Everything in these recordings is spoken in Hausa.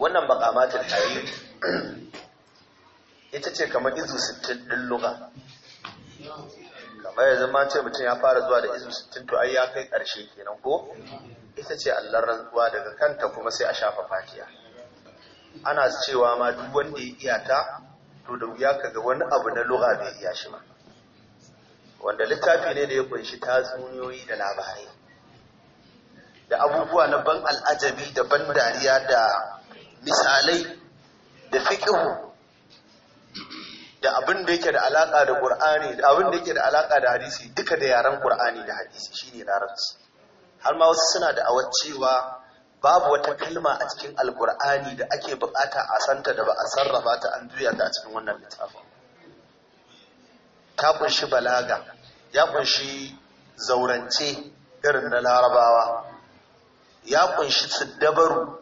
wannan bakamatul ta'rif ita ce kamar izu 60 din lugha kamar yanzu ma ce mutum ya fara zuwa da izu 60 to ai ya kai karshe kenan ko ita ce allar rantsuwa daga kanta kuma sai a shafa fatiya ana cewa ma duk wanda ya iya ta to da wuya kaga wani abu na lugha bai iya shi ba wanda littafi ne da ya kunshi tatsuniyoyi da labarai da abubuwa na ban al'ajabi da ban dariya da misalai da fiƙihu da abin da yake da alaƙa da ƙur'ani da abin da yake da alaƙa da hadisi duka da yaran ƙur'ani da hadisi shine larabci har ma wasu suna da awar cewa babu wata kalma a cikin alƙur'ani da ake buƙata a santa da ba a sarrafa ta an juya ta a cikin wannan littafin ta kunshi balaga ya kunshi zaurance irin na larabawa ya kunshi siddabaru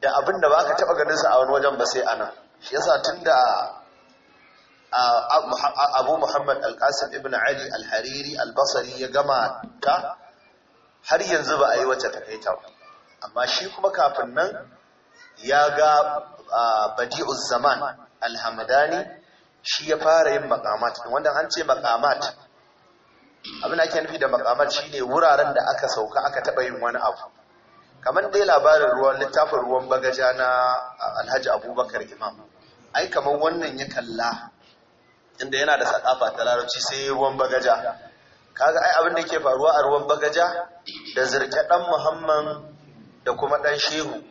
da abin da ba ka taɓa ganin sa a wani wajen ba sai ana shi yasa tun da abu muhammad Al-Qasim ibn ali alhariri albasari ya gama ta har yanzu ba a yi wacce takaita ba amma shi kuma kafin nan ya ga badi'uz zaman alhamadani shi ya fara yin makamat wanda an ce makamat abin ake nufi da makamat shine wuraren da aka sauka aka taɓa yin wani abu kamar dai labarin ruwan littafin ruwan bagaja na alhaji abubakar imam ai kamar wannan ya kalla inda yana da sakafa ta larabci sai ruwan bagaja kaga ai abin da ke faruwa a ruwan bagaja da zirke dan muhamman da kuma dan shehu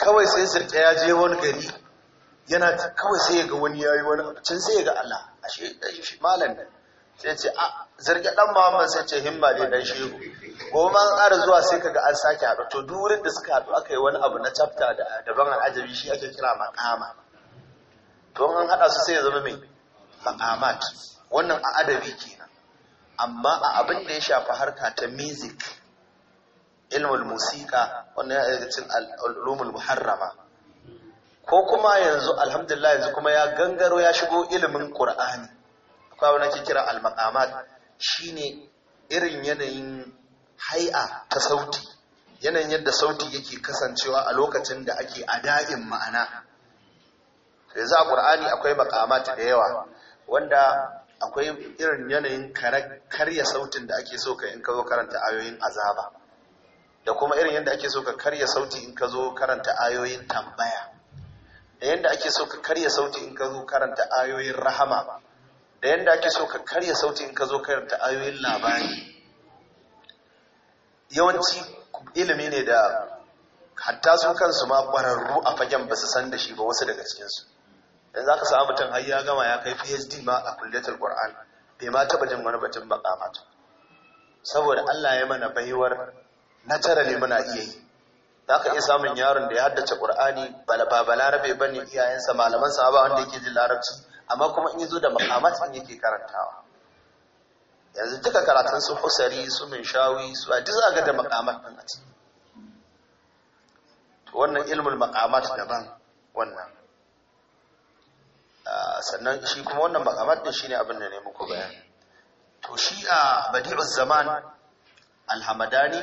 kawai sai zirke ya je wani gari yana kawai sai ya ga wani yayi wani can sai ya ga Allah ashe malam nan sai ce a ah, zirga dan muhammad sai ce himma ne dan shehu goma an ƙara zuwa sai kaga an sake haɗu to duk wurin da suka haɗu aka yi wani abu na chapter da daban al'ajabi shi ake kira maqama to an haɗa su sai ya zama mai maqamat wannan a adabi kenan amma a abin da ya shafi harka ta music ilmul musika, wannan ya daga cikin muharrama ko kuma yanzu alhamdulillah yanzu kuma ya gangaro ya shigo ilimin qur'ani kawo na ke kira al-maqamat shine irin yanayin hai'a ta sauti yanayin yadda sauti yake kasancewa a lokacin da ake ada'in ma'ana yanzu a qur'ani akwai maqamat da yawa wanda akwai irin yanayin karya sautin da ake so ka in ka zo karanta ayoyin azaba da kuma irin yadda ake so ka karya sauti in ka zo karanta ayoyin tambaya da yadda ake so ka karya sauti in ka zo karanta ayoyin rahama da yadda ake so ka karya sauti in ka zo karanta ayoyin labari yawanci ilimi ne da hatta su kansu ma ƙwararru a fagen ba su san da shi ba wasu daga cikinsu da za ka samu mutum har ya gama ya kai phd ma a kulletar ƙwar'an bai ma taɓa jin wani batun makamata saboda allah ya mana baiwar na tara ne muna iya yi za ka iya samun yaron da ya haddace ƙwar'ani ba balarabe ba ne iyayensa malamansa ba wanda yake jin larabci amma kuma in yazo da maqamat in yake karantawa yanzu duka karatun su husari su minshawi su a duka ga da maqamat din a ciki wannan ilmul maqamat daban wannan ah, sannan shi kuma wannan maqamat din shine abin da ne muku bayani to shi a badi'uz zaman alhamadani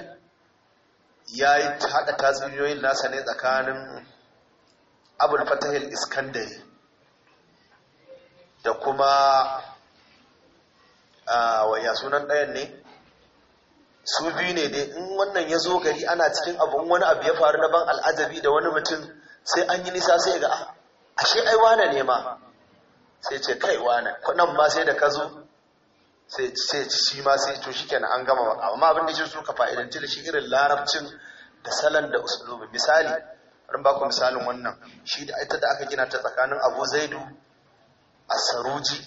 ya yi haɗa tasiriyoyin nasa ne tsakanin abul fatahil iskandari da kuma waya sunan ɗayan ne su biyu ne dai in wannan ya zo gari ana cikin abin wani abu ya faru na ban al'ajabi da wani mutum sai an yi nisa sai ga ah, ashe ai wane ne ma sai ce kai wane kuɗin ma sai da ka zo sai ce shi ma sai to shi kenan an gama ba amma abin da shi suka fa'idanci da shi irin larabcin da salon da usulubin misali bari ba ku misalin wannan shi da ita da aka gina ta tsakanin abu zaidu a saruji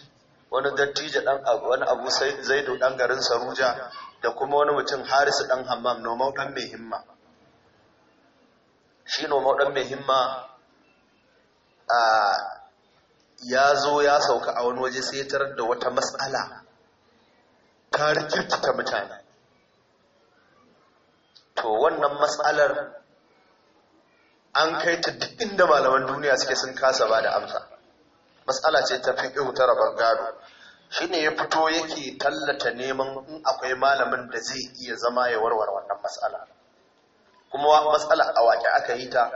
wani dattijo dan wani abu zaidu dan garin saruja da kuma wani mutum harisu dan hammam nomau dan mai himma shi nomau dan mai himma a ya zo ya sauka a wani waje sai ya tarar da wata matsala ta rikirkita mutane to wannan matsalar an kai ta duk inda malaman duniya suke sun kasa ba da amsa matsala ce ta ihu ta rabar gado Shi ne ya fito yake tallata neman in akwai malamin da zai iya zama ya warware wannan matsala kuma matsala a wake aka yi ta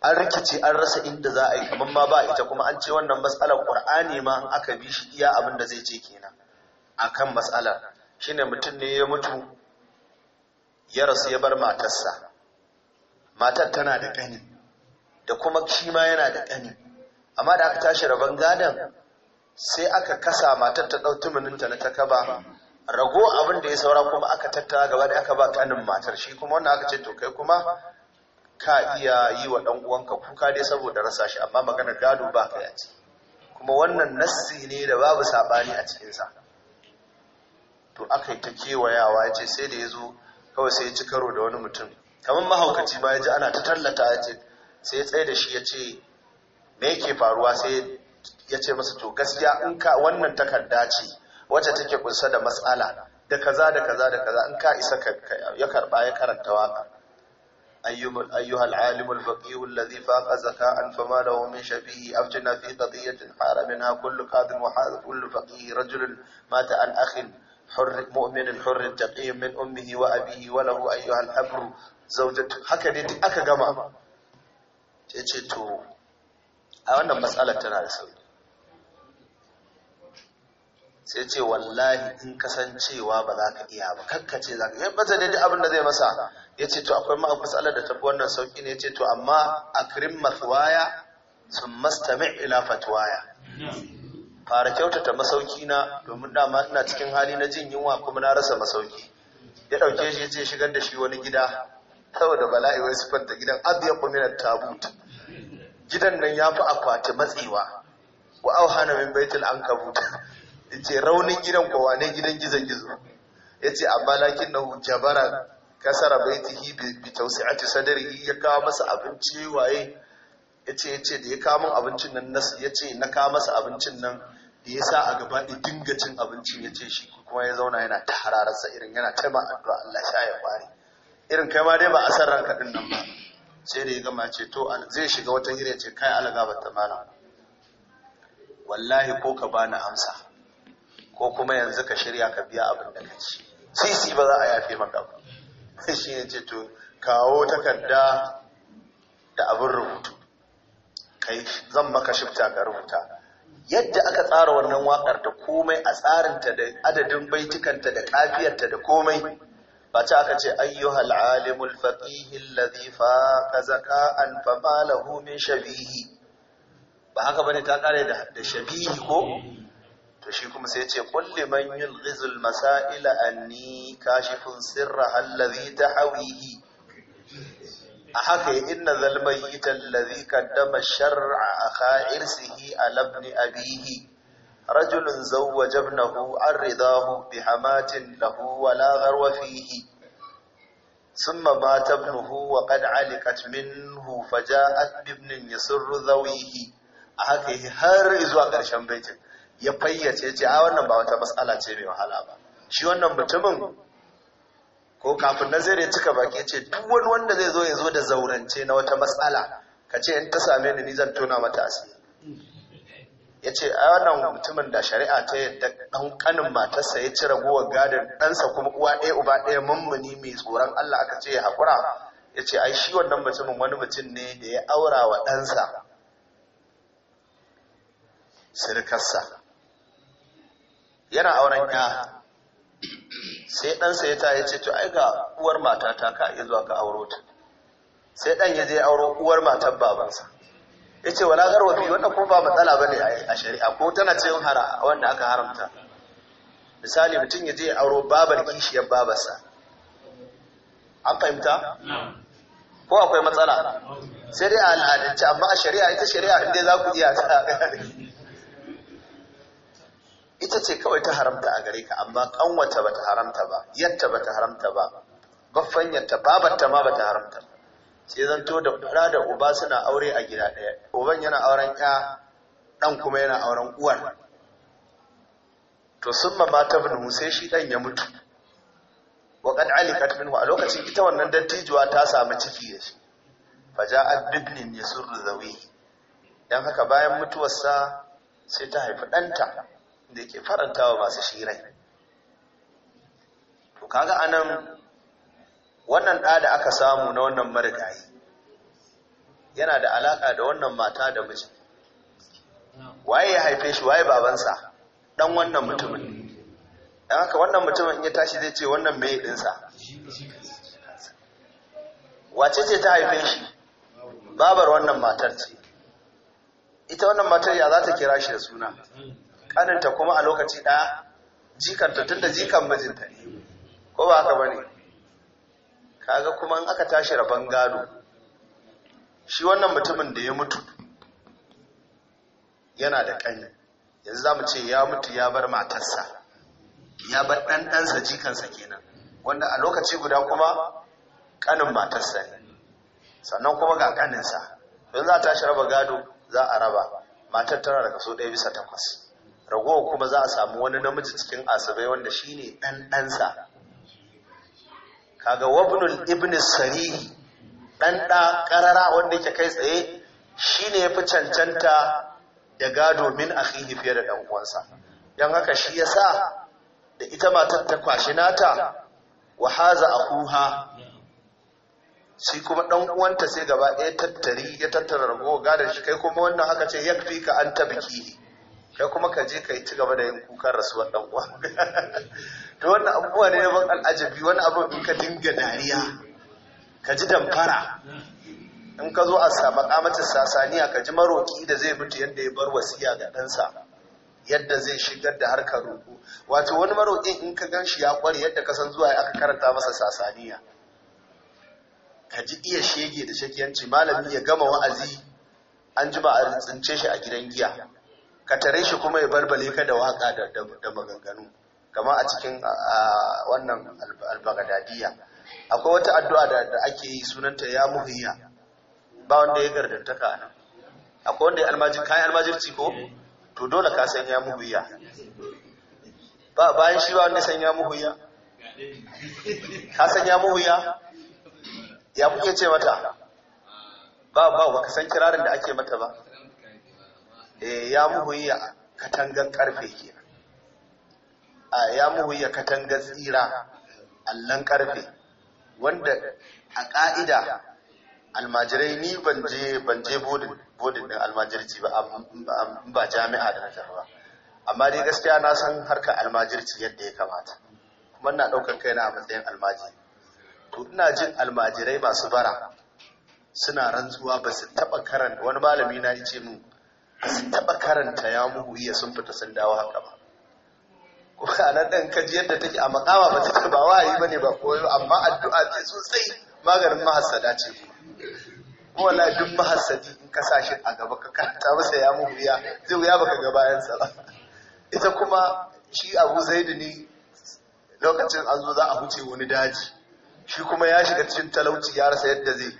an rikice an rasa inda za a yi kamar ma ba ita kuma an ce wannan matsalar ƙur'ani ma aka bi shi iya abin da zai ce kenan akan matsalar ne mutum ne ya mutu ya rasu ya bar matarsa matar tana da ƙani da kuma shi ma yana da ƙani amma da aka tashi rabon gadon sai aka kasa matar ta ɗau na takaba rago abin da ya saura kuma aka tattara gaba da aka ba kanin matar shi kuma wannan aka ce to kai kuma ka iya yi wa ɗan uwanka kuka dai saboda rasa shi amma magana gado ba ka yaci kuma wannan nassi ne da babu saɓani a cikinsa to aka yi ta kewayawa ya ce sai da ya zo kawai sai ya ci karo da wani mutum kamar mahaukaci ba ya ji ana ta tallata ya ce sai ya tsaye da shi ya ce me yake faruwa sai yace masa to gaskiya in wannan takarda ce wacce take kunsa da matsala da kaza da kaza da kaza in ka isa ka ya karba ya karanta waka ayyuhal ayyuhal alimul faqih alladhi faqa fama lahu min shafihi aftina fi qadiyatin haramina kullu qadin wa hadhu kullu faqih rajul mata an akhin حر مؤمن الحر التقي من امه وابيه وله ايها الابر زوجته هكذا دي اكا جما a wannan matsalar tana da sauki sai ce wallahi in kasancewa ba za ka iya ba kakkace za ka yi mata daidai abin da zai masa ya ce to akwai ma'a matsalar da tafi wannan sauki ne ya ce to amma a kirin matsuwaya sun mastami ila fatuwaya fara kyautata masauki na domin dama ina cikin hali na jin yunwa kuma na rasa masauki ya ɗauke shi ya ce shigar da shi wani gida saboda bala'i wai siffanta gidan abu ya kuminar tabut gidan nan ya fi akwati matsewa wa auhana min baitul ankabut yace raunin gidan ko wane gidan gizan gizo yace amma lakin jabara kasara baitihi bi tawsi'ati sadrihi ya kawo masa abinci waye yace yace da ya kawo min abincin nan nas yace na kawo masa abincin nan da ya sa a gaba da dinga cin abinci yace shi kuma ya zauna yana ta sa irin yana taimaka addu'a Allah sha ya bari irin kai ma dai ba a san ranka din nan ba sai da ya gama ce to zai shiga wata hira ce kai alaga ba ta malam wallahi ko ka bani amsa ko kuma yanzu ka shirya ka biya abin da kaci sisi ba za a yafe maka ba shi ne ce to kawo takarda da abin rubutu kai zan maka shifta ga rubuta yadda aka tsara wannan wakar da komai a tsarinta da adadin baitikanta da ta da komai ba ta aka ce ayyuhal alimul faqihil ladhi faqa zaka'an fa ma lahu min shabihi ba haka bane ta kare da da shabihi ko to shi kuma sai ya ce qul liman yulghizul masaila anni kashifun sirra alladhi tahawihi a haka yi inna zalmayyita alladhi qaddama shar'a akha irsihi ala ibn abihi رجل زوج ابنه عن رضاه بحماة له ولا غرو فيه ثم مات ابنه وقد علقت منه فجاءت بابن يسر ذويه haka har zuwa ƙarshen baitin ya fayyace ce a wannan ba wata matsala ce mai wahala ba shi wannan mutumin ko kafin na zai cika baki ce duk wani wanda zai zo ya zo da zaurance na wata matsala ka ce in ta same ni ni zan tona mata asiri ya ce a wannan mutumin da shari'a ta yadda ɗan ƙanin matarsa ya ci ragowar gadin ɗansa kuma uwa ɗaya uba ɗaya mummuni mai tsoron Allah aka ce ya haƙura ya ce ai shi wannan mutumin wani mutum ne da ya aura wa ɗansa sirkarsa yana auren ya sai ɗansa ya ta ya ce to ai ga uwar matata ka iya zuwa ka auro ta sai ɗan ya je auro uwar matar babansa ya ce wala garwa biyu wannan kuma ba matsala ba ne a shari'a ko tana ce yin hara wanda aka haramta misali mutum ya je auro babar kishiyar babarsa an fahimta ko akwai matsala sai dai a al'adance amma a shari'a ita shari'a inda za ku iya ita ce kawai ta haramta a gare ka amma kanwata bata haramta ba ba bata haramta ba baffanyarta babarta ma bata haramta ba sai zanto da fara da uba suna aure a gida ɗaya uban yana auren ya ɗan kuma yana auren uwar to sun mama ta bin sai shi ɗan ya mutu wa Ali alikat minhu a lokacin ita wannan dattijuwa ta sami ciki da shi faja abibnin ya surru zawi dan haka bayan mutuwarsa sai ta haifi ɗanta da ke faranta wa masu shirai to kaga anan wannan ɗa da aka samu na wannan marigayi yana da alaƙa da wannan mata da miji waye ya haife shi waye babansa ɗan wannan mutumin ɗan haka wannan mutumin in ya tashi zai ce wannan mai ɗinsa wace ce ta haife shi babar wannan matar ce ita wannan matar ya za ta kira shi da suna ƙaninta kuma a lokaci ɗaya jikanta tun da jikan mijinta ne ko ba haka ba ne kaga kuma in aka tashi rabon gado shi wannan mutumin da ya mutu yana da ƙani yanzu za mu ce ya mutu ya bar matarsa ya bar ɗanɗansa jikansa kenan wanda a lokaci guda kuma ƙanin matarsa ne sannan kuma ga ƙaninsa don za a tashi raba gado za a raba matar tara da kaso ɗaya bisa takwas ragowa kuma za a samu wani namiji cikin asabai wanda shi ne ɗanɗansa kaga wabnul ibn sarihi dan da karara wanda yake kai tsaye shine yafi cancanta da gado min akhihi fiye da dan uwansa dan haka shi yasa da ita matar ta kwashi nata wa haza akuha shi kuma dan uwanta sai gaba ɗaya tattari ya tattara rago gadar shi kai kuma wannan haka ce yakfi ka an tabiki kai kuma ka je ka yi ci gaba da yin kukan rasuwar dan uwa to wannan abubuwa ne ban al'ajabi wani abu in ka dinga dariya ka ji damfara in ka zo a samu kamacin sasaniya ka ji maroki da zai mutu yadda ya bar wasiya ga ɗansa yadda zai shigar da harkar roƙo wato wani maroƙin in ka gan shi ya ƙware yadda ka san zuwa aka karanta masa sasaniya ka ji iya shege da shakiyanci malami ya gama wa'azi an ji ba a tsince shi a gidan giya ka tare shi kuma ya barbale ka da waƙa da maganganu kama a cikin wannan albagadadiya akwai wata addu'a da ake yi sunanta ya muhiya ba wanda ya gardantaka a nan akwai wanda ya almajir kayan almajirci ko to dole ka san ya muhiya ba bayan shi ba wanda san ya muhiya ka san ya muhiya ya kuke ce mata ba ba ba ka san kirarin da ake mata ba eh, ya muhiya katangan karfe ke ya muhuya katangar tsira allon karfe wanda a ƙa'ida almajirai ni ban je bodin din almajirci ba ba jami'a da nazar ba amma dai gaskiya na san harka almajirci yadda ya kamata kuma na ɗaukar kaina a matsayin almaji. to ina jin almajirai masu bara suna rantsuwa ba su taɓa karanta wani malami na ce mu ba su taɓa karanta ya muhuya sun fita sun dawo haka ba kwana ɗan kaji yadda take a makama ba cikin ba wayi ba ne ba koyo amma addu'a ce sosai maganin mahasada ce kuma na duk mahasadi in ka sa shi a gaba ka karanta masa ya mu wuya zai wuya baka ga bayansa ba ita kuma shi abu zaidu ne lokacin an zo za a huce wani daji shi kuma ya shiga cikin talauci ya rasa yadda zai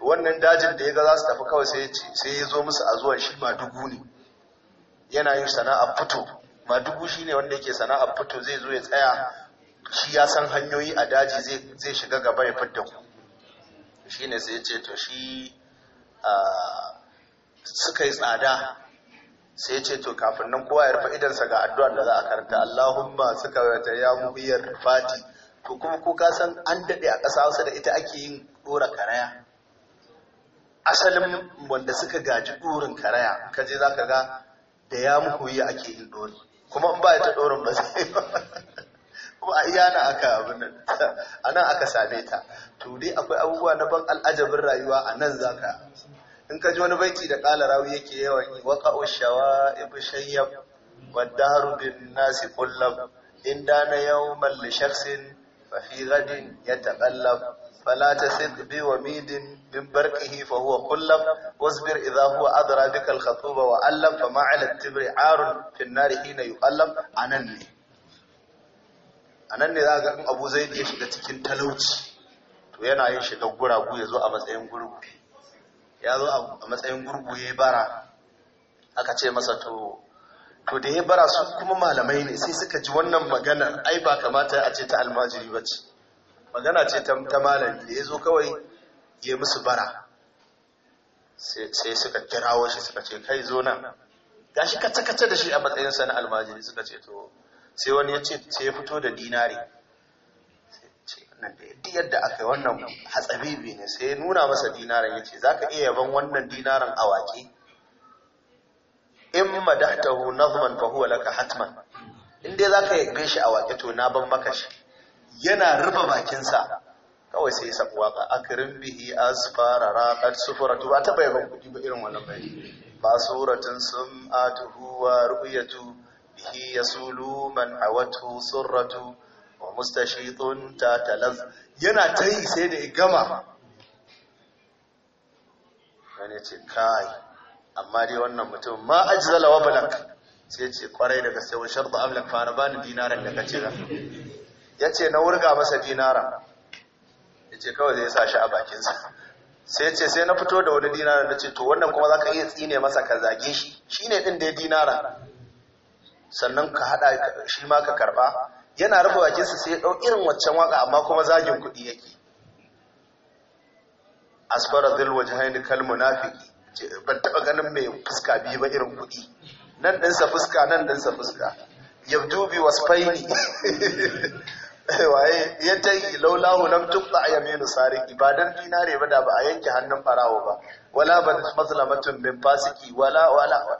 wannan dajin da ya ga za su tafi kawai sai ya zo musu a zuwa shi ma dubu ne yana yin sana'a fito ba dubu shi ne wanda yake sana'a fito zai zo ya tsaya shi ya san hanyoyi a daji zai shiga gaba ya fito shi ne sai ce to shi suka yi tsada sai ce to kafin nan kowa ya rufe idansa ga addu'a da za a karanta Allahumma suka wata ya mubiyar fati to kuma ko ka san an daɗe a ƙasa Hausa da ita ake yin ɗora karaya asalin wanda suka gaji ɗorin karaya kaje za ka ga da ya muku yi ake yin ɗori kuma in ba ta ɗorin ba zai kuma a iya na aka abin a nan aka same ta to dai akwai abubuwa na ban al'ajabin rayuwa a nan za ka in ka ji wani baiti da ƙala rawi yake yawan yi waka ushawa ibu shayyab wadda harubin nasi kullum in dana yau malli shaksin fafi gadin ya taƙallab فلا تثق بوميد برقه فهو قلب واصبر اذا هو أدرى بك الخطوب وألم فما على التبر عار في النار حين يؤلم أنني أنني ذاك أبو زيد shiga cikin talauci. to yana yin shiga guragu ya zo a matsayin gurgu ya zo a matsayin gurgu ya bara aka ce masa to to da ya bara su kuma malamai ne sai suka ji wannan magana ai ba kamata a ce ta almajiri ba ce magana ce ta malami da ya zo kawai ya musu bara sai suka kirawo shi suka ce kai zo nan shi kace-kace da shi a matsayinsa na almajiri suka ce to sai wani ya ce ce ya fito da dinari duk yadda aka yi wannan hatsabibi ne sai ya nuna masa dinarin ya ce za ka iya yaban wannan dinarin a waƙe in madahtahu nazman fa huwa laka hatman in dai za ka yabe shi a waƙe to na ban maka shi yana rufe bakinsa kawai sai ya waka akirin bihi asfara raqat sufuratu ba ta bayan kudi ba irin wannan bayani ba suratun atuhu wa ru'yatu bihi yasulu man awatu surratu wa mustashitun tatalaz yana ta yi sai da gama wani ce kai amma dai wannan mutum ma ajzala wa balak sai ce kwarai daga sai wa sharta amlak fara bani dinaran da kace ya ce na wurga masa dinara ya ce kawai zai sa shi a bakinsa sai ce sai na fito da wani dinara na ce to wannan kuma za ka iya tsine masa ka zage shi shi ne ɗin da ya dinara sannan ka haɗa shi ma ka karɓa yana rufe bakinsa sai ya ɗau irin waccan waka amma kuma zagin kuɗi yake asfara zil wajhain kal munafiki ban taɓa ganin mai fuska biyu ba irin kuɗi nan ɗinsa fuska nan ɗinsa fuska yabdubi wasu faini waye ya ta yi laulahu lam tuqta yaminu sariqi ba dan dinare ba da ba a yanke hannun farawo ba wala ban mazlamatun min fasiki wala wala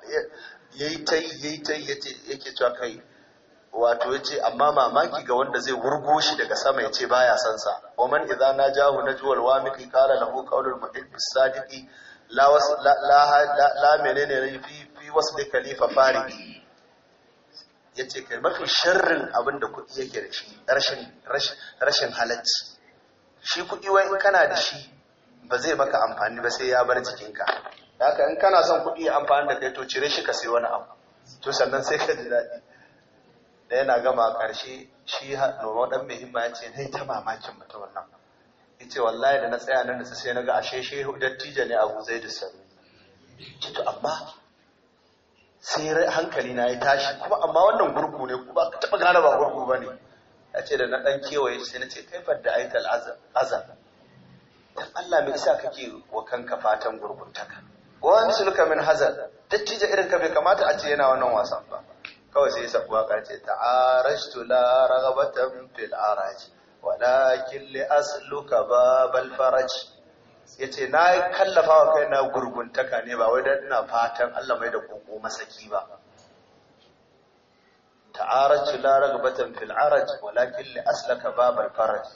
yayi ta yi yayi ta yi yake cewa kai wato yace amma mamaki ga wanda zai wurgo shi daga sama yace baya san sa wa man idza najahu najwal miki qala lahu qawlul muhibb sadiqi la la la menene fi fi wasl khalifa fariki ya ce kai mafi sharrin abin da kuɗi yake da shi rashin halacci shi kuɗi wai in kana da shi ba zai maka amfani ba sai ya bar jikinka haka in kana son kuɗi ya amfani da kai to cire shi ka sai wani abu to sannan sai ka ji daɗi da yana gama ƙarshe shi noma ɗan mai himma ya ce dai ta mamakin mutum wannan ya ce wallahi da na tsaya nan da sai na ga ashe shehu dattijo ne abu zai da sarri to amma sai hankali na ya tashi kuma amma wannan gurgu ne kuma ka taɓa gane ba gurgu ba ne ya ce da na ɗan kewaye sai na ce kaifar da aikal azan dan Allah me isa kake wa kanka fatan gurguntaka wani suluka min hazar dattijo irin ka bai kamata a ce yana wannan wasan ba kawai sai sabu waka ce arashtu la ragabatan fil araji walakin li asluka babal faraji ya ce na kallafa wa kai na gurguntaka ne ba wai na ina fatan Allah mai da koko masaki ba ta'araj la ragbatan fil araj walakin li aslaka babal faraj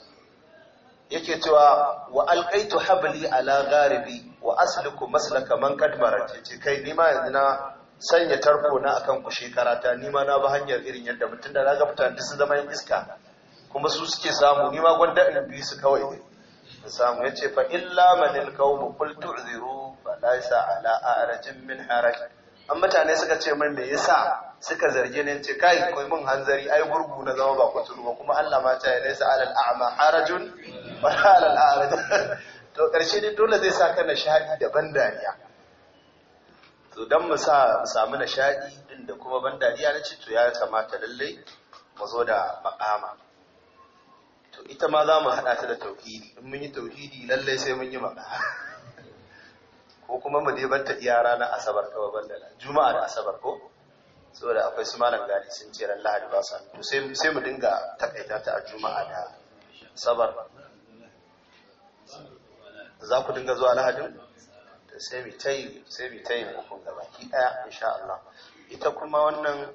yake cewa wa alqaitu habli ala gharibi wa asluku maslaka man qad marat yace kai ni ma yanzu na sanya tarko na akan ku shekara ta ni ma na ba hanyar irin yadda mutun da ga mutane su zama yin iska kuma su suke samu ni ma gwanda in bi su kawai ya samu ya ce fa illa manil qawmu kultu ziru ba laisa ala a'rajin min haraj an mutane suka ce min me yasa suka zarge ne ce kai kai mun hanzari ai gurgu na zama ba kuturu ba kuma Allah ma ta laysa ala a'ma harajun wa alal al'araj to karshe ne dole zai sa kana shahadi da dariya to dan mu sa mu samu na nishadi din da kuma bandariya dariya na ce to ya kamata lalle mu zo da makama to ita ma za mu haɗa ta da tauhidi in mun yi tauhidi lallai sai mun yi maka ko kuma mu dai banta iya rana asabar ka babban da juma'a da asabar ko saboda akwai su malam gani sun ce ran lahadi ba sa to sai sai mu dinga takaita ta a juma'a da asabar za ku dinga zuwa lahadin to sai mu tayi sai mu tayi hukun gaba ki daya insha Allah ita kuma wannan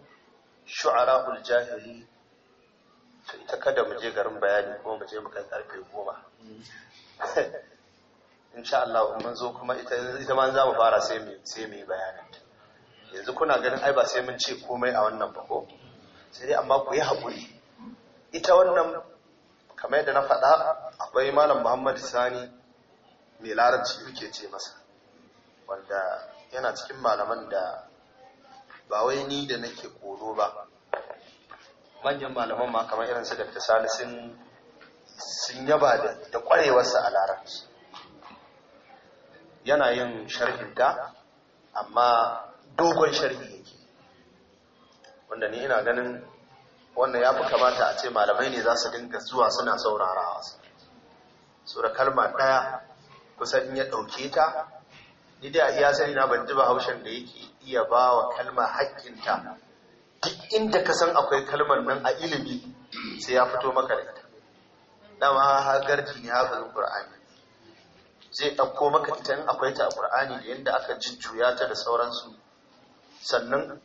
shu'ara'ul jahili to ita kada mu je garin bayani kuma mu je mu kai karfe goma insha Allah mun zo kuma ita ita ma za mu fara sai mu sai mu bayanin yanzu kuna ganin ai ba sai mun ce komai a wannan ba ko sai dai amma ku yi haƙuri ita wannan kamar yadda na faɗa akwai malam Muhammad Sani mai larabci yake ce masa wanda yana cikin malaman da ba wai ni da nake koro ba manyan malaman ma kamar irin su dr salisin sun yaba da kwarewarsa a larabci yana yin sharhin da amma dogon sharhi yake wanda ni ina ganin wannan ya fi kamata a ce malamai ne za su dinga zuwa suna saurarawa su da kalma ɗaya kusan in ya ɗauke ta ni da iya sani na ban ji Bahaushen da yake iya ba wa kalma haƙƙinta duk inda ka san akwai kalmar nan a ilimi sai ya fito maka da ita dama garji ne haƙarin ƙur'ani zai ɗauko maka ita in akwai ta a ƙur'ani da yanda aka jujjuya ta da sauransu sannan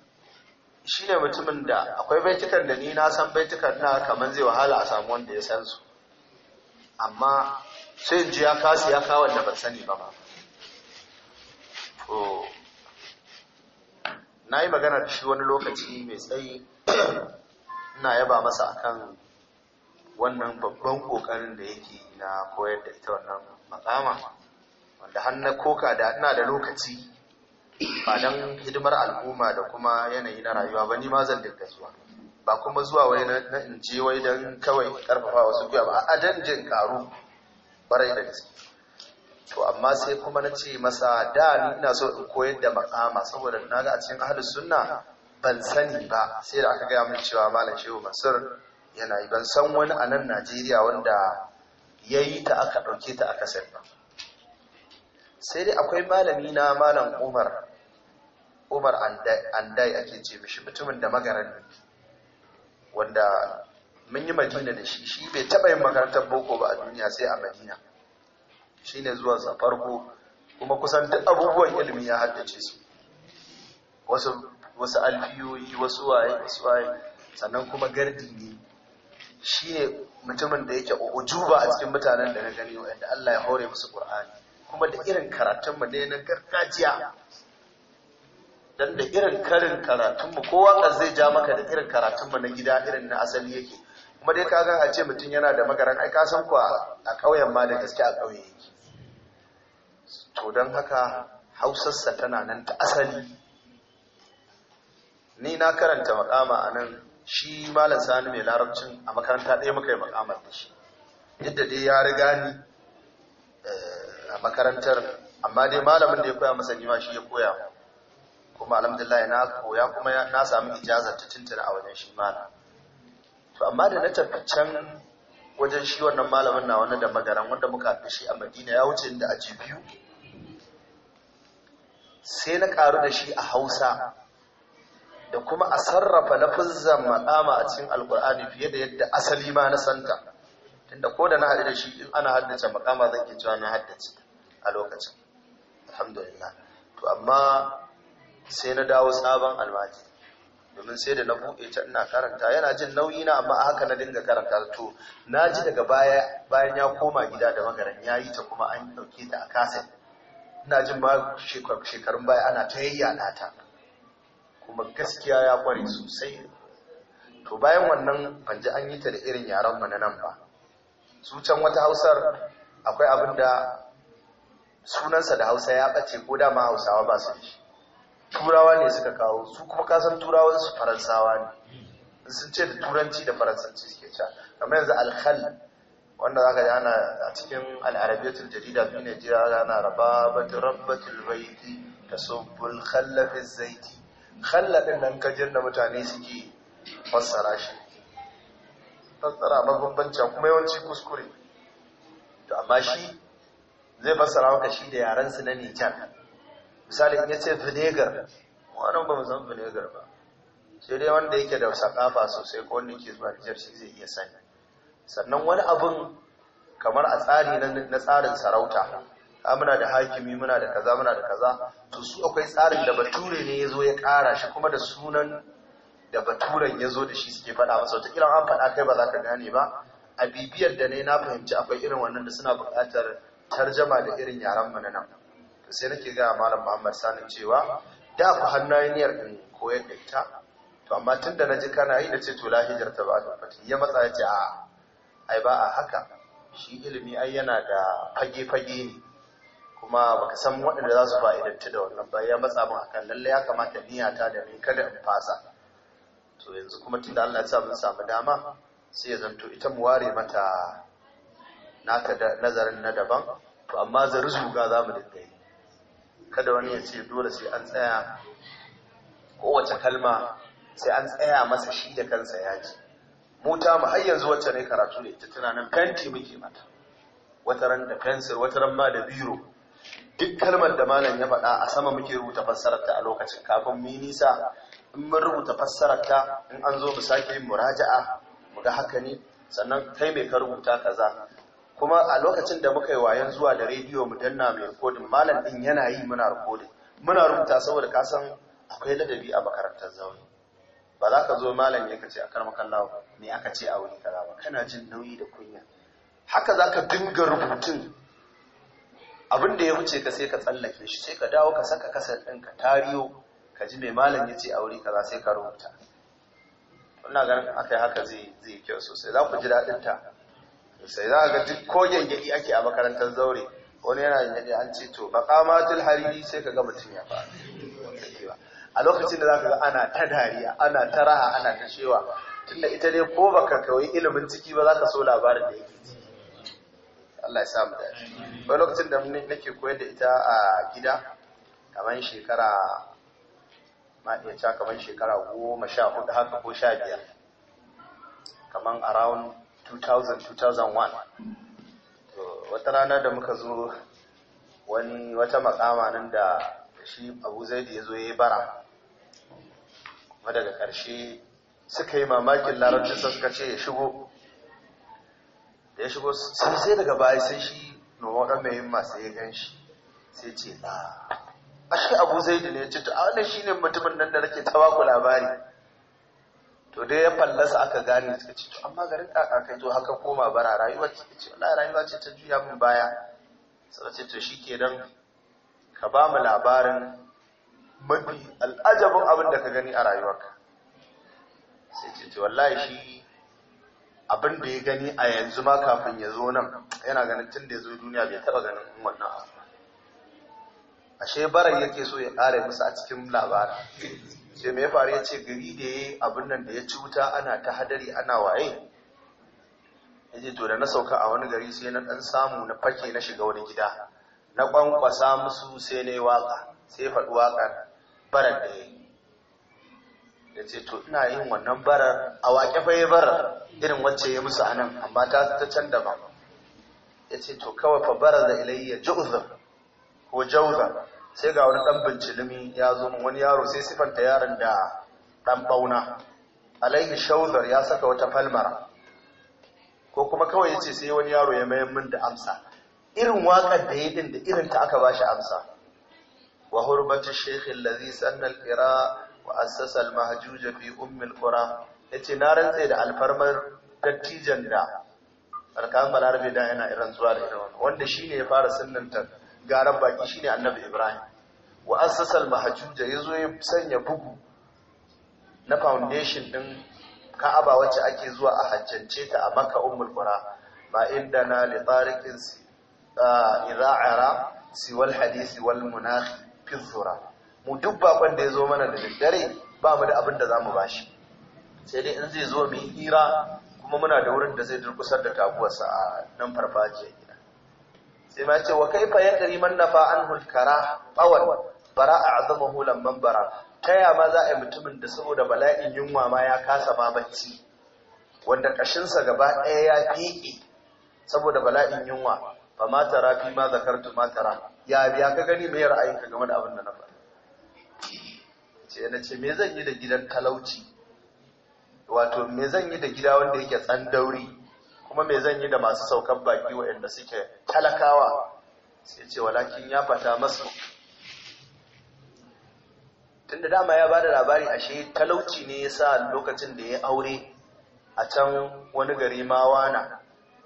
shi ne mutumin da akwai baitukan da ni na san baitukan na kaman zai wahala a samu wanda ya san su amma sai ji ya kasu ya kawo wanda ban sani ba ma to na yi magana da shi wani lokaci mai tsayi ina yaba masa a kan wannan babban ƙoƙarin da yake na koyar da ita wannan makama wanda hannu koka da ina da lokaci ba don hidimar al'umma da kuma yanayi na rayuwa ba ni ma zan dinga zuwa ba kuma zuwa wai na in je wai don kawai karfafa wasu kuwa ba a dan jin karu barai da gaske to amma sai kuma na ce masa da ni ina so in koyar da makama saboda na ga a cikin ahli sunna ban sani ba sai da aka gaya min cewa malam shehu mansur yana yi ban san wani a nan najeriya wanda ya yi ta aka ɗauke ta aka sayar ba sai dai akwai malami na malam umar umar andai ake ce mishi mutumin da magaran wanda mun yi madina da shi shi bai taɓa yin makarantar boko ba a duniya sai a madina Shi ne zuwa sa farko kuma kusan duk abubuwan ilimi ya haddace su wasu alfiyoyi wasu waye wasu waye sannan kuma gardi ne shi ne mutumin da yake ujuba a cikin mutanen da na gani wanda Allah ya hore musu Qur'ani kuma da irin karatun mu ne na gargajiya dan da irin karin karatun mu kowa kan zai ja maka da irin karatun mu na gida irin na asali yake kuma dai ka ga a ce mutum yana da magaran ai ka san a ƙauyen ma da gaske a ƙauye yake to don haka hausarsa tana nan ta asali ni na karanta makama a nan shi malam sani mai larabcin a makaranta ɗaya muka yi makamar da shi yadda dai ya riga ni eh, a makarantar amma dai malamin da ya koya masa nima shi ya koya kuma alhamdulillah na koya kuma na samu ijaza ta tuntuna a wajen shi malam to amma da na tafi can wajen shi wannan malamin na wani da magaran wanda muka fi shi a madina ya wuce inda aji biyu sai na ƙaru da shi a hausa da kuma a sarrafa lafizan maƙama a cikin alƙur'ani fiye da yadda asali ma na santa tunda ko da na haɗu da shi in ana haddace maƙama zan ke cewa na haddace a lokacin alhamdulillah to amma sai na dawo sabon almaji domin sai da na buɗe ta ina karanta yana jin nauyi na amma haka na dinga karanta to na ji daga baya bayan ya koma gida da magaran ya yi ta kuma an ɗauke ta a kaset ina jin ba shekarun baya ana ta yayya ta kuma gaskiya ya kware sosai to bayan wannan banji an yi ta da irin yaran mu na nan ba su can wata hausar akwai abin da sunansa da hausa ya ɓace ko dama hausawa ba su shi turawa ne suka kawo su kuma kasan turawan su faransawa ne sun ce da turanci da faransanci suke ca kamar yanzu alkhal wanda za ka ji ana a cikin al'arabiyatul jarida biyu ne jira na raba batul rabbatul baiti da sobul khallafin zaiti khallafin nan kajin da mutane suke fassara shi fassara mabambancin kuma yawanci kuskure to amma shi zai fassara maka shi da yarensu na nijar misali in ya ce vinegar wani ba mu vinegar ba sai dai wanda yake da sakafa sosai ko wani ke zuwa nijar shi zai iya sani sannan wani abin kamar a tsari na tsarin sarauta muna da hakimi muna da kaza muna da kaza to su akwai tsarin da bature ne ya zo ya kara shi kuma da sunan da baturen ya zo da shi suke faɗa masa wata kiran an fada kai ba za ka gane ba a bibiyar da ne na fahimci akwai irin wannan da suna buƙatar tarjama da irin yaran mu na nan sai nake ga malam Muhammad Sani cewa da ku hannayen niyyar koyar da ita to amma tunda naji kana yi da ce to lahijar ta ba ta fati ya matsa ya ce a ai ba a haka shi ilimi ai yana da fage-fage ne kuma baka san waɗanda za su fa'idatu da wannan ba ya matsa min akan lalle ya kamata niyata da ni kada in fasa to yanzu kuma tunda Allah ya sa mun samu dama sai ya zanto ita mu ware mata naka da nazarin na daban to amma zaruzu ga za mu dinga yi kada wani ya ce dole sai an tsaya kowace kalma sai an tsaya masa shi da kansa ya ji Muta, mu har yanzu wacce ne karatu ne ita tana nan fenti muke mata wataran da fensir wataran ma da biro duk kalmar da malam ya faɗa a sama muke rubuta fassararta a lokacin kafin mu nisa in mun rubuta fassararta in an zo mu sake yin muraja'a mu ga haka ne sannan kai mai ka rubuta kaza kuma a lokacin da muka yi wayan zuwa da rediyo mu danna mai rikodin malam din yana yi muna rikodin muna rubuta saboda kasan akwai ladabi a makarantar zaune ba za ka zo malam ya kace a karmakan lawa me aka ce a wuri kaza ba kana jin nauyi da kunya haka za ka dinga rubutun abin da ya wuce ka sai ka tsallake shi sai ka dawo ka saka kasar ɗin ka tariyo ka ji mai malam ya ce a wuri kaza sai ka rubuta wannan ganin aka yi haka zai yi kyau sosai za ku ji daɗin ta sai za ga duk ko gyangyaɗi ake a makarantar zaure wani yana gyangyaɗi an ce to baƙamatul hariri sai ka ga mutum ya fara a lokacin da zaka ga ana ta dariya ana ta raha ana ta shewa tunda ita ne ko baka kawai ilimin ciki ba za ka so labarin da yake ciki Allah ya samu da wani lokacin da nake koyar da ita a gida kamar shekara ma iya ca kamar shekara goma sha hudu haka ko sha biyar kamar around 2000-2001 wata rana da muka zo wani wata makama nan da shi abu da ya zo ya yi bara kuma daga ƙarshe suka yi mamakin larabcin sa suka ce ya shigo da ya shigo sai sai daga baya sai shi noma ɗan mai himma sai ya gan shi sai ce na A shi abu zai da ne ya ce to a shi ne mutumin nan da nake ta baku labari to dai ya fallasa aka gane suka ce to amma garin kaka kai to haka koma bara rayuwa ce ce wallahi rayuwa ce ta juya min baya sai ce to don ka ba mu labarin mafi al'ajabin abin da ka gani a rayuwarka sai ce ce wallahi shi abin da ya gani a yanzu ma kafin ya zo nan yana ganin tun da ya zo duniya bai taba ganin wannan abu ashe barai yake so ya kare musu a cikin labarin sai mai faru ya ce gari da ya abin nan da ya ci wuta ana ta hadari ana waye ya ce to da na sauka a wani gari sai na dan samu na fake na shiga wani gida na kwankwasa musu sai na yi waka sai faɗi waƙar barar da ya yi ya ce to ina yin wannan barar a waƙe fa ya barar irin wacce ya musu anan amma ta ta can ya ce to kawai fa barar da ilayya jauzar ko jauzar sai ga wani dan bincilimi ya zo min wani yaro sai sifanta yaron da ɗan ɓauna alaihi shauzar ya saka wata falmara ko kuma kawai ya ce sai wani yaro ya mayan min da amsa irin waƙar da ya din da irin ta aka ba shi amsa وحرمة الشيخ الذي سن القراء وأسس المهجوج في أم القرى اتنارن سيد الفرمر تتيجن دا alkan balarabe da yana irin zuwa da irin wanda shine ya fara sunnanta garan baki shine annabi ibrahim wa assasa ya zo ya sanya bugu na foundation din ka'aba wacce ake zuwa a hajjance a makka ummul qura na li hadisi wal kinsura mu duk bakon da ya zo mana da daddare ba mu da abin da za mu bashi sai dai in zai zo mu yi hira kuma muna da wurin da zai durkusar da taguwarsa a nan farfajiyar gida sai ma ce wa kaifa ya kari man nafa an hulkara bawan bara a azama hulan man bara ta ma za a yi mutumin da saboda bala'in yunwa ma ya kasa ma bacci wanda kashinsa gaba ɗaya ya fiƙe saboda bala'in yunwa ba ma tara fi ma zakartu ma tara ya biya ka gani mai ka game da abin da na faɗi ce na ce me zan yi da gidan talauci wato me zan yi da gida wanda yake tsandauri kuma me zan yi da masu saukan baki waɗanda suke talakawa sai ce walakin ya fata masu tunda dama ya bada labari ashe talauci ne ya sa lokacin da ya aure a can wani gari mawana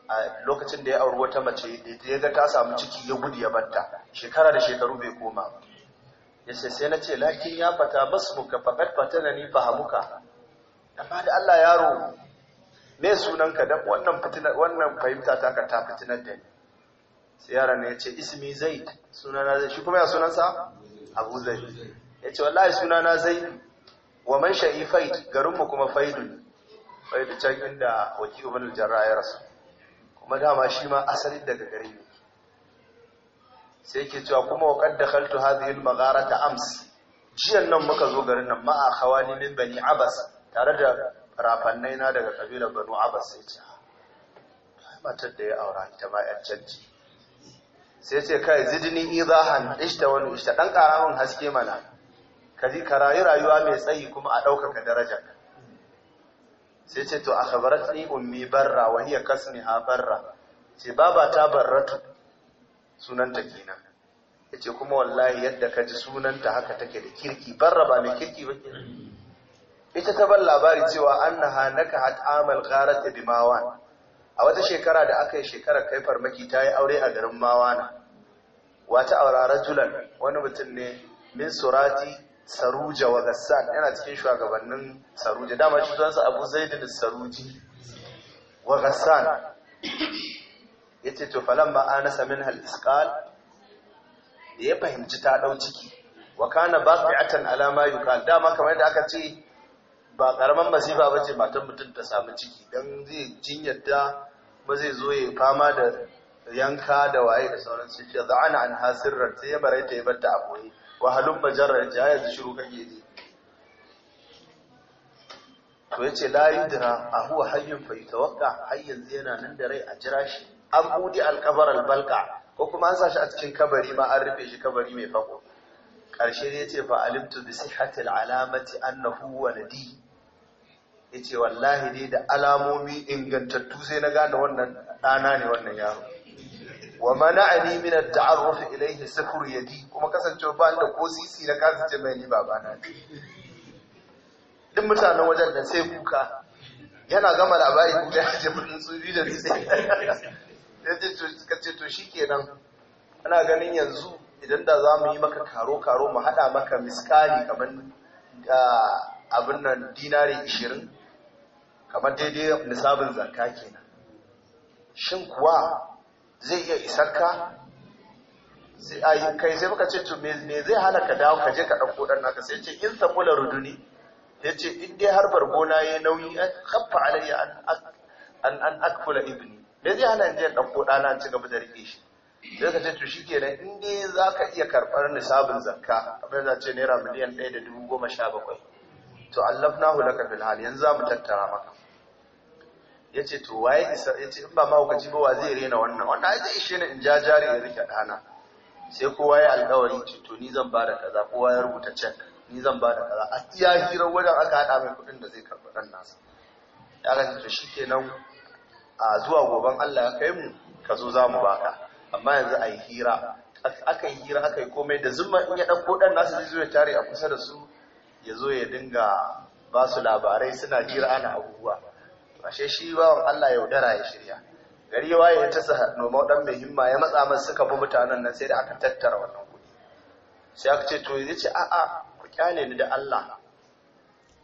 a lokacin da ya auri wata mace da ya ga ta samu ciki ya gudu ya batta shekara da shekaru bai koma ya ce sai na ce lakin ya fata basmuka fata na ni fahamuka amma da Allah yaro me sunanka dan wannan fitina wannan fahimta ta ka ta fitina da ni sai yaron ne ya ce ismi zaid sunana zaid shi kuma ya sunansa abu zaid ya ce wallahi sunana zaid wa man sha'i garin mu kuma faidun faidu can inda wakil ibn al-jarra ya rasu kuma dama shi ma asalin daga gare ne sai ke cewa kuma wa kadda khaltu hadhihi al-maghara ta ams jiyan nan muka zo garin nan ma khawani min bani abas tare da rafannai na daga kabilar banu abbas sai ce matar da ya aura ta ma yar canji sai ce kai zidni izahan ishta wani ishta dan karamin haske mana ka ji ka rayu rayuwa mai tsayi kuma a ɗaukaka darajar sai ce to akhbaratni ummi barra wa hiya kasmiha barra ce baba ta barrata sunanta kenan yace kuma wallahi yadda ka ji sunanta haka take da kirki barra ba mai kirki ba ita ta bar labari cewa annaha nakahat amal gharat bi mawan a wata shekara da aka yi shekarar kai farmaki ta yi aure a garin mawana wata aura rajulan wani mutum ne min surati saruja wa gassan yana cikin shugabannin saruja dama shi sunansa abu zai zaidin saruji wa gassan ce to falamma anasa minha al da ya fahimci ta ɗau ciki wa kana fi atan alama yuqal dama kamar yadda aka ce ba karaman masifa bace matan mutum ta samu ciki don zai jinyarta ba zai zo ya fama da yanka da waye da sauran su ce za'ana an hasirar sai ya bare ta yi bar ta a koyi wa halun bajarar ji ayar da shiru kake ji to yace ce yudra a huwa hayyun fa tawakka har yanzu yana nan da rai a jira shi an buɗe alqabar albalka ko kuma an sa shi a cikin kabari ma an rufe shi kabari mai fako karshe ne ce fa alimtu bi sihhatil alamati annahu waladi yace wallahi dai da alamomi ingantattu sai na gane wannan ɗana ne wannan yaro wa mana'ani min at-ta'arruf ilayhi sakur yadi kuma kasancewa ba da ko sisi na kasance mai ni baba na duk mutanen wajen da sai kuka yana gama labari da ya ce su bi da su sai ce to shikenan ana ganin yanzu idan da zamu yi maka karo karo mu hada maka miskali kamar abin nan dinari 20 kamar daidai nisabin zakka kenan shin kuwa zai iya isarka. kai sai baka ce me zai hana ka dawo ka je ka ɗauko ɗan naka sai ce in samula ruduni ya ce in dai harbar gona ya nauyi kaffa alayya an an akfula ibni me zai hana in je ɗauko ɗana in ci gaba da rike shi sai ka ce to shi kenan in dai za ka iya karɓar nisabin zakka abin da ce naira miliyan ɗaya da dubu goma sha bakwai to allafnahu laka fil hal yanzu za mu tattara maka ya ce to waye isa ya ce in ba mahaukaci ba wa zai rena wannan wannan zai ishe ni in ja jari ya rike ɗana sai kowa ya alkawari ce to ni zan ba kaza kowa ya rubuta cek ni zan ba da kaza a iya hira, wajen aka haɗa mai kuɗin da zai karɓi ɗan nasa ya ga to shi kenan a zuwa goben Allah ya kai mu ka zo za mu baka amma yanzu a hira aka yi hira aka yi komai da zuma in ya ɗauko ɗan nasa zai zo ya tare a kusa da su ya zo ya dinga ba su labarai suna hira ana abubuwa ashe shi bawan Allah yaudara ya shirya gari ya waye ta sa noma dan mai himma ya matsa masa suka bi mutanen nan sai da aka tattara wannan kuɗi sai aka ce to yace a a ku kyale ni da Allah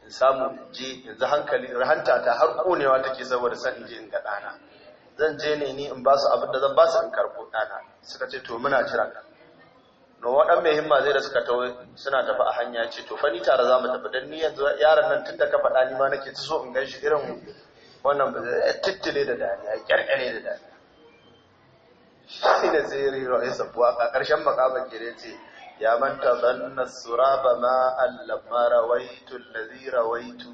in samu je yanzu hankali rahanta ta har konewa take saboda san je in ga dana zan je ne ni in ba su abin da zan ba su in karɓo dana suka ce to muna jira no waɗan mai himma zai da suka tawo suna tafi a hanya ce to fa ni tare za mu tafi dan ni yanzu yaron nan tun da ka faɗa ni ma nake so in ganshi irin wannan ba zai tattale da dariya kyarkyare da dariya shi ne zai riro ya sabuwa a ƙarshen makaban gire ce ya manta zanna ba ma allama rawaitu lazi rawaitu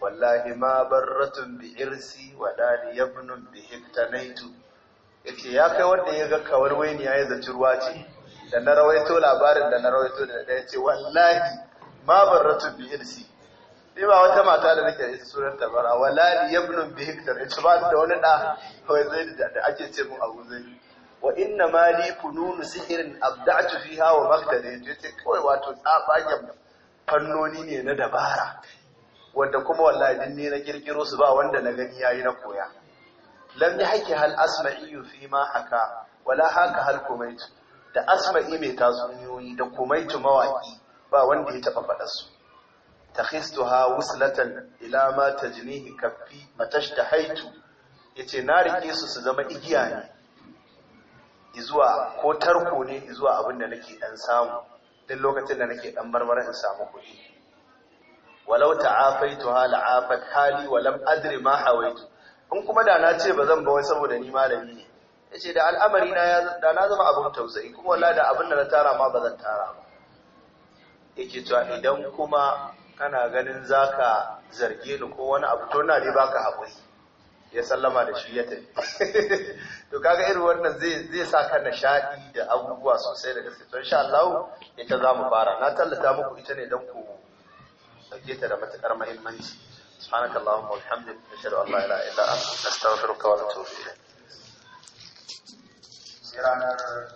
wallahi ma barratun bi irsi wa dani yabnun bi Ya ce ya kai wanda ya ga kawar waini ya zaci ruwa ce da na rawaito labarin da na rawaito da ya ce wallahi ma barratun bi irsi ni ba wata mata da nake isa surar tabara wala li yabnu bi hiktar ita ba da wani da kawai zai da ake ce mun abu zai wa inna ma li fununu sihirin abda'tu fiha wa maktadi yace kawai wato tsabagen fannoni ne na dabara wanda kuma wallahi din ne na kirkiro su ba wanda na gani yayi na koya lam haki hal asma'i fi ma haka wala haka hal kumaitu. da asma'i mai tasuniyoyi da kumaitu mawaki ba wanda ya taɓa faɗa su takhistuha wuslatan ila ma tajnihi kaffi matashtahaitu yace na rike su su zama igiya ne izuwa ko tarko ne izuwa abin da nake dan samu duk lokacin da nake dan barbara in samu kuɗi walau ta'afaituha la'afat hali wa lam adri ma hawaitu in kuma da na ce ba zan ba wai saboda ni malami ne yace da al'amari na da na zama abin tausayi kuma wallahi da abin da na tara ma ba zan tara ba yake cewa idan kuma kana ganin za ka zarge ni ko wani abu to na ne ka haƙuri ya sallama da shi ya tafi to kaga irin wannan zai sa ka nishaɗi da abubuwa sosai da gaske to insha Allah ita za mu fara na tallata muku ita ne dan ku Dauke ta da matukar muhimmanci subhanakallahumma wa bihamdika ashhadu an la astaghfiruka wa atubu